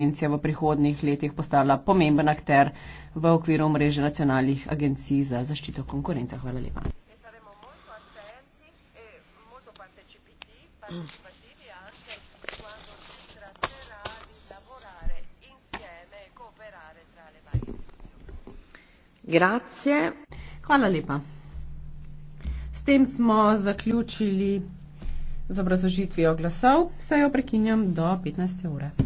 agencija v prihodnih letih postala pomemben akter v okviru mreže nacionalnih agencij za zaščito konkurenca. Hvala lepa. Grazie. Hvala lepa. S tem smo zaključili z obrazožitvijo glasov, saj jo prekinjam do 15. ure.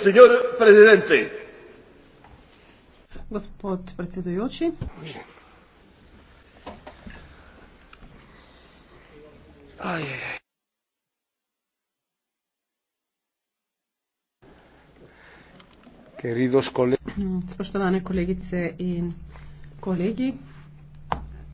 Señor presidente. Gospod predsedujoči. Aj. Queridos colegas. Spoštovane kolegice in kolegi.